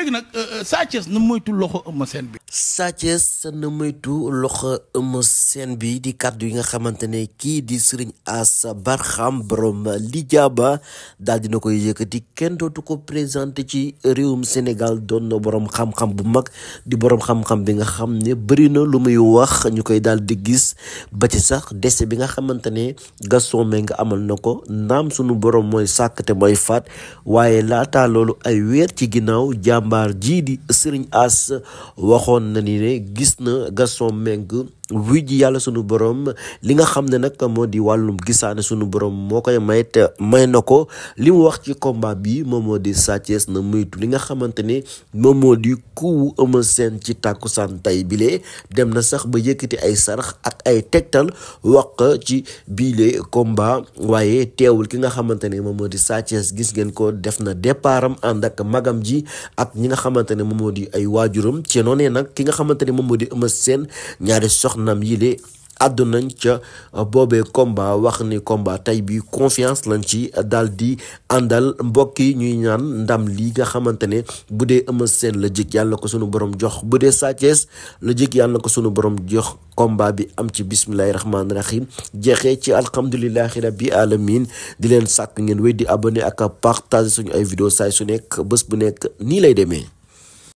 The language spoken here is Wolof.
léegi nag euh, euh, Sa Thiès na moytu loxo Eumeu Sène bi. Sa Thiès na moytu loxo Eumeu Sène bi di kàddu yi nga xamante ne kii di Serigne Ass xam borom lijaaba daal dina koy yëkkati kenn dootu ko présenté ci réewum Sénégal doon na borom xam-xam bu mag di borom xam-xam bi nga xam ne bëri na lu muy wax ñu koy daal di gis ba ci sax dese bi nga xamante ne Gaston Mbengue amal na ko naam sunu borom mooy sàkk te mooy faat waaye laataa loolu ay weer ci ginnaaw jàmm. jàmbaar jii di Serigne As waxoon na ni ne gis na Gaston wuy ji yàlla sunu borom li nga xam ne nag moo di wàllum gisaane sunu boroom moo koy may te may na ko li mu wax ci komba bi moom moo di Sa Thiès na moytu li nga xamante ni moom moo di kuwu Eumeu Sène ci tàkkusaan tay bile dem na sax ba yëkkati ay sarax ak ay tegtal wax ci bile combat waaye teewul ki nga xamante ni moom moo di Sa gis ngeen ko def na départam ànd ak magam ji ak ñi nga xamante ne moom moo di ay waajuram ci noonee nag ki nga xamante ni moom moo di Eumeu Sène ñaari soxna soxnam yile àddu nañ ca boobe combat wax ni combat tey bi confiance lañ ci daal di àndal mbokk yi ñuy ñaan ndam lii nga xamante ne bu dee Eumeu Sène la jik yàlla ko sunu borom jox bu dee Sa Thiès la jik yàlla ko sunu borom jox komba bi am ci bismillahi rahmaani rahim jeexee ci alhamdulilahi rabbi alamin di leen sàkk ngeen wéy di abonné ak partager suñu ay vidéo saay su nekk bés bu nekk nii lay demee